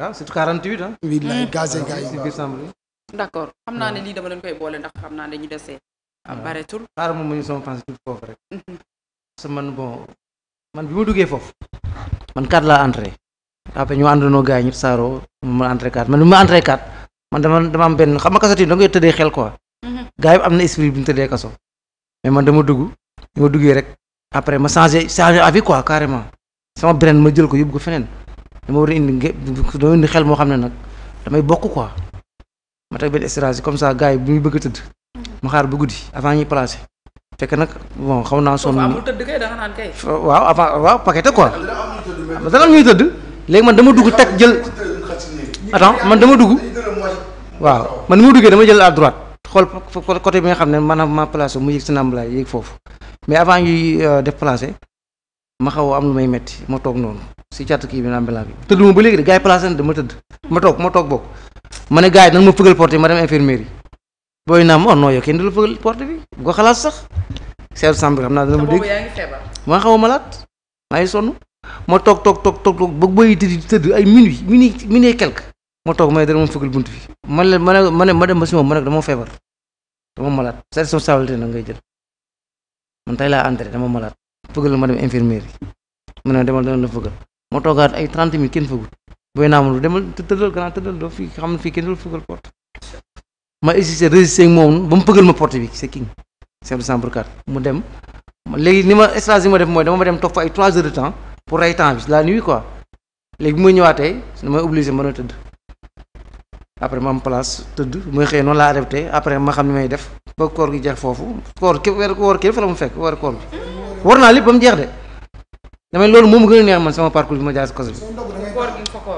ah surtout 48 ah. wilaay gazé d' accord xam naa ne lii dama leen koy boole ndax xam naa ne ñu desee. Ah. bareetul xaaral moom mu ñu sama pensée tuuti foofu rek. Mhm. parce man bi ma duggee foofu. man 4 laa entré. après ñu àndandoo gars yi ñu saaroo ma entré 4 ma entré 4 man dama benn xam nga kaso da ngay tëddee xel quoi. Mhm. gars yi am na esprit bi ñu tëddee kaso. mais man dama dugg bi ma duggee rek après ma changé changé avis quoi carrément sama beneen ma jël ko yóbbu ko feneen. dama war a indi ngé dama indi xel moo xam ne nag damay bokk quoi ma teg benn stratégie comme ça gars yi bu ñu bëgg a tëdd ma xaar bu guddi avant ñuy placé fekk nag bon xaw naa sonn waaw avant waaw paquet quoi dana am tëdd léegi man dama dugg teg jël man dama dugg waaw man ni ma duggee dama jël à droite xool côté bi nga xam ne maanaam ma placé mu yëg si nambalaay yëg foofu mais avant yuy euh, def placé ma xaw am lu may metti ma toog noonu si catu kii bi naan balaa bi tëdd ma ba léegi de gars yi na dama tëdd ma toog ma toog bokk ma ne gars yi ma fëgal porte bi ma dem infirmerie naa ma oh non la porte bi bu ko xalaat sax seetu sàmm bi xam naa dana ma dégg ma xaw a malaat maa ngi sonn ma toog toog toog toog ba booy tëdd tëdd ay minuit minuit minuit quelque ma toog ma ne dana ma fëgal bunt bi ma ne ma ne ma dem ba si moom ma ne dama feebar dama malaat sa responsabilité nag ngay jël man tey laa entré dama malaat fëgal ma dem infirmerie ma ne demal dana la fëgal moo toogaat ay trente mille kenn fëggul booy naa ma demal tëddal gannaaw tëddal doo fii xam ne fii kenn dul fëggal porte ma existé résisté moom ba mu fëggal ma port bi c'est king chef de chambre mu dem léegi ni ma stage yi ma def mooy dama ma dem toog ay trois heures de temps pour rey temps bi la nuit quoi léegi bu ma ñëwaatee damay obligé mën a tëdd après ma am place tëdd mooy xëy noonu laa adapté après ma xam ne may def ba koor gi jeex foofu koor ki weer koor ki dafa mu fekk war naa lépp ba damay loolu moom gën a neex man sama parcours bi ma jaar si kaso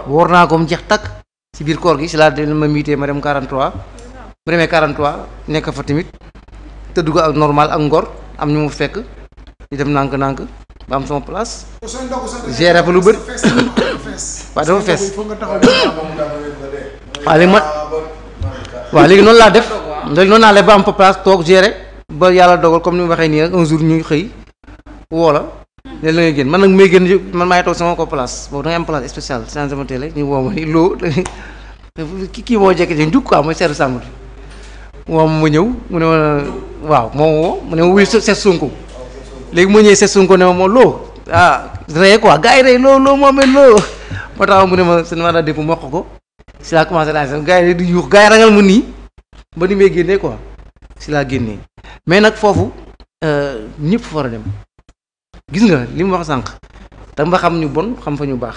woor naa ko mu jeex takk si biir koor gi si laa dem ma miitee ma dem 43 bu demee 43 nekk fa tamit tëdd ko ak normal ak ngor am ñu mu fekk ñu dem nànk-nànk ba am sama place gérer fa lu bëri waaw dafa fees waaw léegi noonu laa def léegi noonu naa def ba am fa place toog gérer ba yàlla dogal comme ni waxee nii rek un jour ñuy xëy woo léegi la man nag may génn man maay toog sama ko place boobu da ngay am place spéciale changé ma télé woo ma ni loo moo jekki mu ne ma waaw moom ma wuyu seet Sonko léegi mu ñëwee seet Sonko ne ma moo loo ah rey quoi gars yi rey loo loo moo tax mu ne ma seen mandat dépôt mokk ko si laa commencé daal sax gars di yuux gars rangal mu nii ba ni may génnee quoi si laa génnee mais nag foofu euh, ñëpp fa war dem gis nga li mu wax sànq da nga xam ñu bon xam fa ñu baax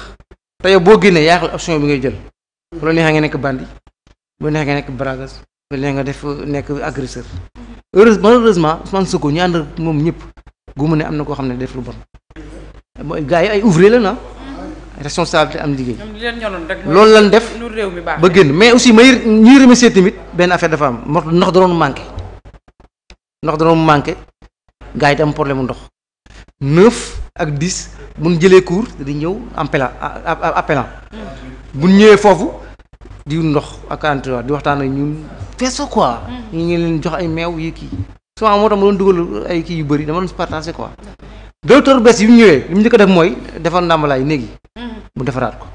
te yow boo génnee yaa xam bi ngay jël bu la neexee nga nekk bandi bu la neexee nga nekk bragas bu neexee nga def nekk agresseur heureuse malheureusement Ousmane Sonko ñu ànd moom ñëpp gumu ne am na koo xam ne def lu bon mooy gars yi ay ouvrier la na ah. responsabilité am liggéey loolu lan def ba génn mais aussi may ñuy remercier tamit benn affaire dafa am ndox da doon manqué ndox da doon manqué gars yi tam problème mu ndox neuf ak dix mun ñu jëlee cours di ñëw appela appelant ñëwee foofu di ndox ak entraînement di waxtaan ak ñun feeso quoi. Mm-hmm. ñu ngi leen jox ay meew yi kii souvent moo tax ma doon dugal ay kii yu bëri dama doon partagé quoi. Mm-hmm. docteur bés yu ñëwee li mu njëkk def mooy defar ndàmbalaay néeg yi. Mm-hmm. mu defaraat ko.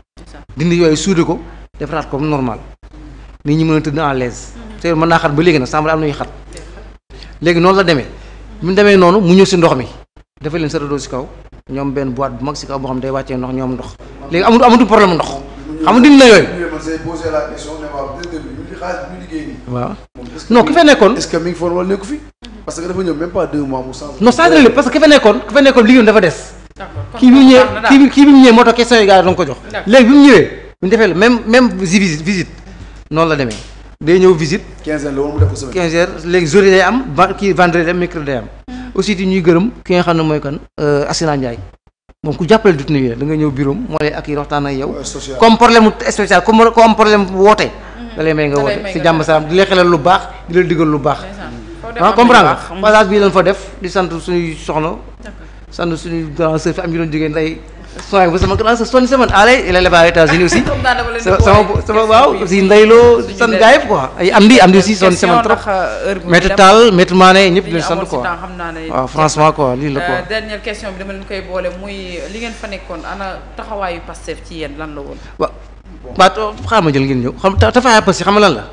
dindi yooyu suude ko defaraat ko normal nit ñi mën a tëdd en l'aise. te mën naa xat ba léegi nag sàmm am ñu xat léegi noonu la demee. mu demee noonu mu ñëw si ndox mi. dafa leen sa radeau si kaw ñoom benn boîte bu mag si kaw boo xam ne day wàccee ndox ñoom ndox léegi amatu amatu problème ndox xam nga dindi na yooyu waaw non ki fa nekkoon est-ce que mi ngi foon wala nekku fi parce que dafa ñëw même pas deux mois mu que ki fa nekkoon ki fa nekkoon liggéeyam dafa des kii bi mu ñëwee kii bi mu ñëwee moo tax question yi gars yi doon ko jox léegi bi mu ñëwee bu ñu defee la même même visite visite noonu la demee day ñëw visite quinze heures la woon mu def ko semaine la heures léegi journée day am kii vendredi day am mercredi day am aussi di ñuy gërëm ki nga xam ne mooy kan euh, Asina Ndiaye moom ku jàppale dut nii da nga ñëw bureau moo lay ak yi waxtaan ak comme problème spécial comme comme problème woote mm-hmm. da lay may nga woote si jàmm salaam di lay xelal lu baax di la digal lu baax ah passage bii lañ fa def di sant suñuy soxna sant suñuy grand sœur fi am ñu doon jógee nday sooy bu sama grand sa sonn si man allez il est là-bas aux États-Unis aussi. sama sama waaw aussi ndeyloo san gaa yëpp quoi am di am di aussi sonn si trop. maître Tall maître Mané ñëpp di leen sant quoi waaw franchement quoi lii la quoi. dernière question xaaral ma jël ngeen ñëw xam taxawaayu Pastef xam nga lan la.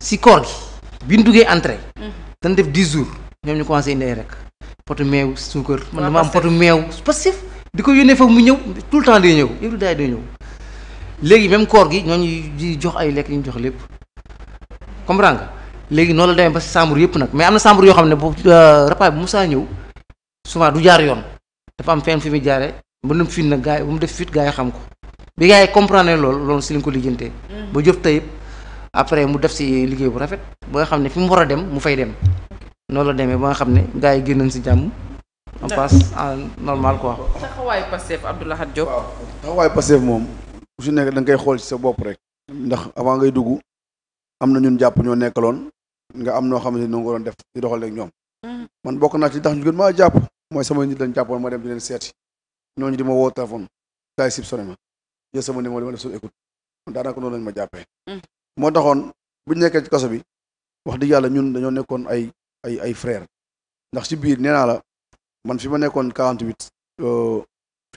si koor gi. bi ñu duggee entrée. Mm-hmm. dañ def dix jours ñoom ñu commencé indi rek. potu meew suukar man dama am potu meew Pastef. di ko yónnee foofu mu ñëw tout le temps day ñëw yëpp daay day ñëw léegi même koor gi ñooñu di jox ay lekk ñu jox lépp comprendre nga léegi noonu la demee ba chambre yëpp nag mais na chambre yoo xam ne boobu euh, repas musaa ñëw souvent du jaar yoon dafa am fenn fi muy jaaree ba mu fit nag gars yi ba mu xam ko bi gars yi loolu loolu si lañ mm. ba jëf tayib après mu def si liggéey bu rafet ba nga xam ne fi mu war a dem mu fay dem noonu la ba nga xam ne gars yi génn nañ si jàmm. on passe en normal quoi. taxawaayu Pastef Abdou Lahad Diop. waaw taxawaayu Pastef moom. ku si nekk da nga koy xool ci sa bopp rek. ndax avant ngay dugg am na ñun jàpp ñoo nekkaloon nga am noo xamante ni nga ko doon def di doxal ak ñoom. Hmm. man bokk naa ci tax ñu gën maa jàpp. mooy sama nit lañ jàppoon ma dem di leen seeti ñooñu di ma woo téléphone. taay sib sonné jàppee. Hmm. moo taxoon bu nekkee kaso bi wax dëgg yàlla ñun dañoo nekkoon ay ay ay frère ndax ci biir nee naa la man fi ma nekkoon quarante huit euh,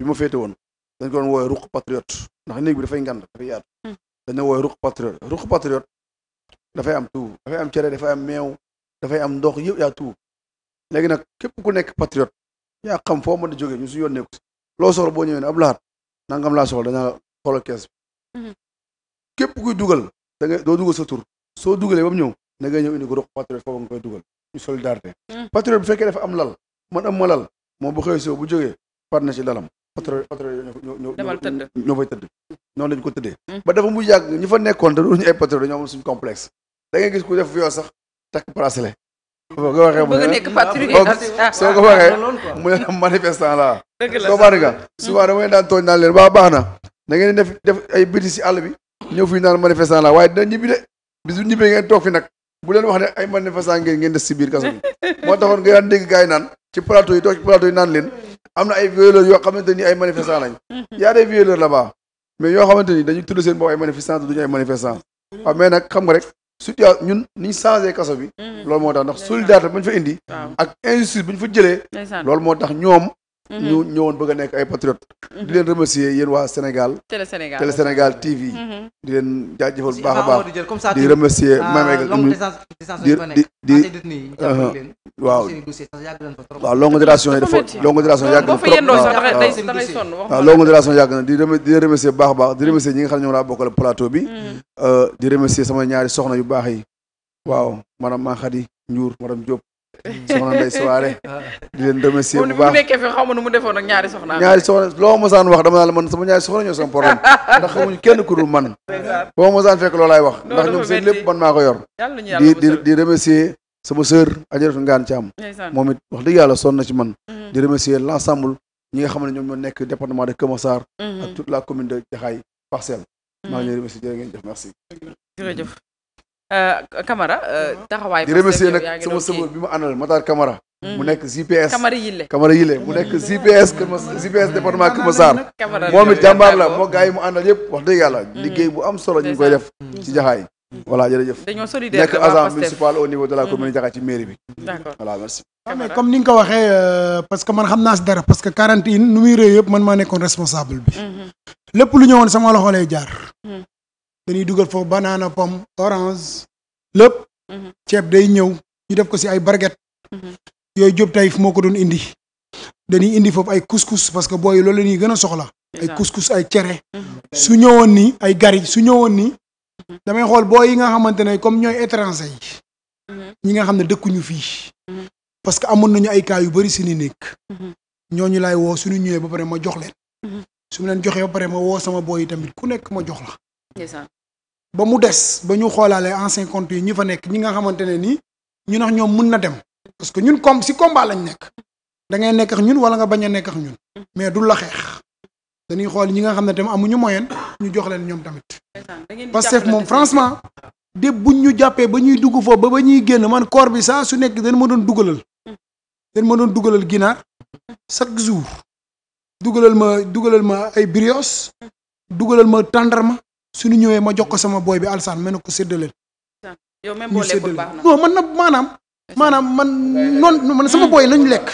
fi ma féete woon dañ ko doon wooye ruq patriote ndax néeg bi dafay ngand dafay yaatu hmm. dañ na wooye ruq patriote ruq patriote dafay am tout dafay am cere dafay am meew dafay am ndox yëpp yaa tout léegi nag képp ku nekk patriote yaa xam foo mën a jógee ñu su yónnee ko si loo soxla boo ñëwee ne ab laat nangam laa soxla dañaa xoolal kees bi hmm. képp kuy dugal da doo dugal sa tur soo dugalee ba mu ñëw da ngay ñëw indi ko ruq patriote foofu nga koy dugal ñu solidarité hmm. patriote bu fekkee dafa am lal man am ma lal moom bu si soo bu jógee patron patron lañ ko tëddee hmm. ba dafa mu yàgg ñu fa nekkoon te duñu ay patron dañoo amoon suñu complexe da ngay gis ku def viol sax takk bracelet boo ko waxee mu ne ah, ah, soo ko waxee ah, mu ne manifestant la soo baa nga hmm. souvent damay daan tooñ naan leen waa baax na da ngeen def def ay biti si àll bi ñëw fii naan manifestant la waaye dina ñibbi de bis bu ñibbee ngeen toog fi nag bu leen wax ne ay manifestant ngeen ngeen des si biir kaso moo taxoon nga daan dégg gars yi naan ci plateau yi toog ci plateau am na ay violeurs yoo xamante ni ay manifestants lañ y a des violeurs là mais yoo xamante ni dañu tudd seen bopp ay manifestants duñu ay manifestants waaw mais xam nga rek surtout ñun niñ changé kaso bi mm-hmm. loolu moo tax ndax solidarité bu ñu fa indi ak injustice bu ñu fa jëlee loolu moo tax ñoom Mm-hmm. ñu ñëwoon bëgg nekk ay patriote mm-hmm. di leen remercier yéen waa Sénégal Télé Sénégal Télé Sénégal TV mm-hmm. di leen jaajëfal bu baax baax di remercier ah, mamegal di di di ah, waaw waaw longue duration yi dafa longue duration yàgg na trop waaw longue duration ah, yàgg na di di leen remercier bu baax a baax di remercier ñi nga xam ne ñoom laa bokkal plateau bi euh, di remercier sama ñaari soxna yu baax yi waaw madame Makhady Ndiour madame Diop soxna Ndeye Souare. di leen remercier bu baax mu nekkee fi xaw ma nu mu defoon ak ñaari soxna ñaari soxna loo mosaan wax dama naa la man sama ñaari soxna ñoo sama problème ndax xamuñu kenn ku man. boo mosaan fekk loolaay wax. ndax ñoom seen lépp man maa ko yor. di di di remercier sama sœur Adjaratou Ngane Thiam. moom it wax dëgg yàlla sonn na ci man. Mm-hmm. di remercier l' ensemble ñi nga xam ne ñoom ñoo nekk département de Kër Massar. Mm-hmm. ak toute la commune de Jaxaay Parcelles. Mm-hmm. maa ngi leen remercier jëf Euh, Camara. Euh, mhm. taxawaay di remercier nag sama sama bi ma àndal Matar Camara. Mhm. mu nekk GPS Camara Yile Camara Yile mu nekk mhm. GPS Kër Massar GPS département Kër Massar moom it jàmbaar la moo gaa yi mu àndal yëpp wax dëgg yàlla. liggéey bu am solo ñu def ci jaxaay. voilà jërëjëf dañoo solidaire nekk agent municipal au de la commune Diakha ci mairie bi. d'accord merci. comme ni ko waxee euh, parce que man xam naa si dara parce que quarantine nu muy réew yëpp man maa nekkoon responsable bi. lépp lu ñëwoon sama loxo lay jaar. dañuy dugal foofu banana pom orange lépp mhm. ceeb day ñëw ñu def ko si ay barget mhm. yooyu Jóob Tayif moo ko doon indi dañuy indi foofu ay couscous parce que booy loolu la ñuy gën a soxla ay couscous ay cere mhm. su ñëwoon nii ay gari su ñëwoon nii damay xool booy yi nga xamante ne comme ñooy étranger yi ñi nga xam ne dëkkuñu fii parce que amoon nañu ay cas yu bëri si ni nekk ñooñu laay woo suñu ñëwee ba pare ma jox leen su mu leen joxee ba pare ma woo sama booy yi tamit ku nekk ma jox la ba mu des ba ñu xoolaale ancien compte yi ñu fa nekk ñi nga xamante ne nii ñu nax ñoom mun na dem parce que ñun comme si combat lañ nekk da ngay nekk ak ñun wala nga bañ a nekk ak ñun mais du la xeex dañuy xool ñi nga xam ne tamit amuñu moyen ñu jox leen ñoom tamit parce que moom franchement dépp buñ ñu jàppee ba ñuy dugg foofu ba ba ñuy génn man koor bi saa su nekk dañ ma doon dugalal dañ ma doon dugalal ginaar chaque jour dugalal ma dugalal ma ay brioche dugalal ma tàndarma su nu ñëwee ma jox ko sama booy bi alsaan ma na ko séddaleel. yow même boo na non man nag maanaam. maanaam man noonu man sama booy nañu lekk.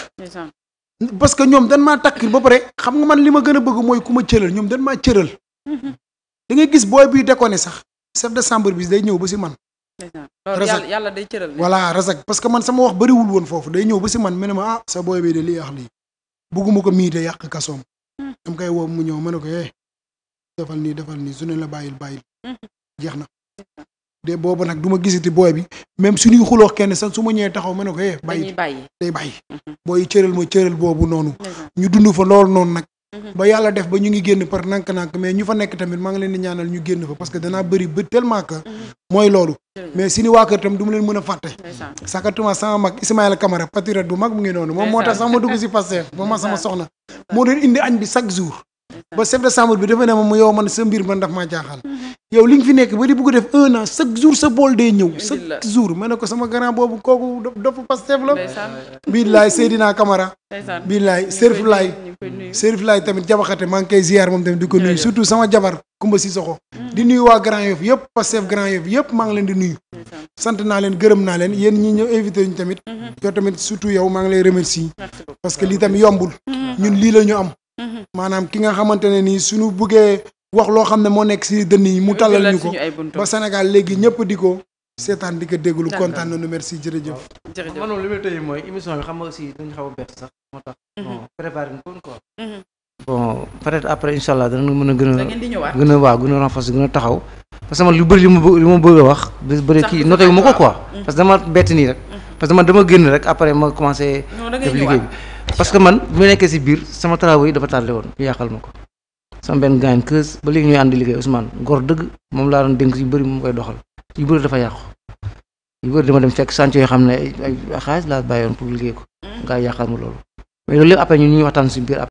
parce que ñoom dañ maa takk ba pare xam nga man li ma gën a bëgg mooy ku ma cëral ñoom dañ maa cëral. Mhm. da ngay gis booy biy déconné sax chef de chambre day ñëw ba si man. yàlla day cëral. voilà rasak parce que man sama wax bëriwul woon foofu day ñëw ba si man mu ne ma ah, booy bi de lii wax lii bugguma ko mii de yàq kasoom. Hmm. dama koy woo mu ñëw ma ne ko eh defal nii defal nii su ne la bàyyil bàyyil mm-hmm. jeex na de boobu nag du ma gisati booy bi même suñuy xuloo kenn sax su ma ñëwee taxaw ma ne ko eh bàyyi day bàyyi mm-hmm. booy cëral ma cëral boobu noonu ñu dund fa loolu noonu nag mm-hmm. ba yàlla def ba ñu ngi génn par nànk-nànk mais ñu fa nekk tamit maa ngi leen di ñaanal ñu génn fa parce que danaa bëri ba tellement que mooy loolu mais suñu waa kër tam du leen mën a fàtte sakatuma sama mag Ismaïla Camara patriote bu mag mu ngi noonu moom moo tax sax ma dugg si Pastef moom ma sama soxna moo ba chef de chambre bi dafa ne ma mu yow man sa mbir man daf maa jaaxal. yow li nga fi nekk ba di bëgg def un an chaque jour sa bool day ñëw. chaque jour ma ne ko sama grand boobu kooku dopp Pastef la. billaay Seydina Camara. billaay Serif Laay. Serif Laay tamit jabaxate maa ngi koy ziar moom tamit di ko nuyu surtout sama jabar Kumba Sissoko. Mm. di nuyu waa Grand Yoff yëpp Pastef Grand Yoff yëpp maa ngi leen di nuyu. sant naa leen gërëm naa leen yéen ñi ñëw invité tamit. Mm-hmm. yow tamit surtout yow ngi lay remercier. parce que lii tamit yombul. Mm-hmm. ñun lii ñu am. Mhm. maanaam ki nga xamante ne nii suñu buggee wax loo xam ne moo nekk si dënn yi mu talal ñu ko ba Sénégal léegi ñëpp di ko seetaan di ko déglu kontaan nañu merci jërëjëf. jërëjëf man li mooy émission bi xam nga aussi dañ xaw a bett sax moo tax. Mhm. bon préparé mhm. après incha allah danañ mën a gën a. gën a waaw gën a renforcer gën a taxaw. parce que man lu bëri li ma bë li ma bëgg a wax. lu bëri kii noté wu ma ko quoi. parce que dama bett nii rek. parce que dama génn rek après ma commencé. def liggéey bi parce que man bu nekkee si biir sama travaux yi dafa tardé woon ñu yàqal ma ko sama benn gaañ keus ba léegi ñuy ànd liggéey Ousmane góor dëgg moom laa doon dénk yu bëri moom koy doxal yu bëri dafa yàqu yu bëri dama dem fekk chantier yoo xam ne ay xaalis laa bàyyoon pour liggéey ko ngaa mm. yàqal ma loolu mais loolu lépp après ñun ñu waxtaan si biir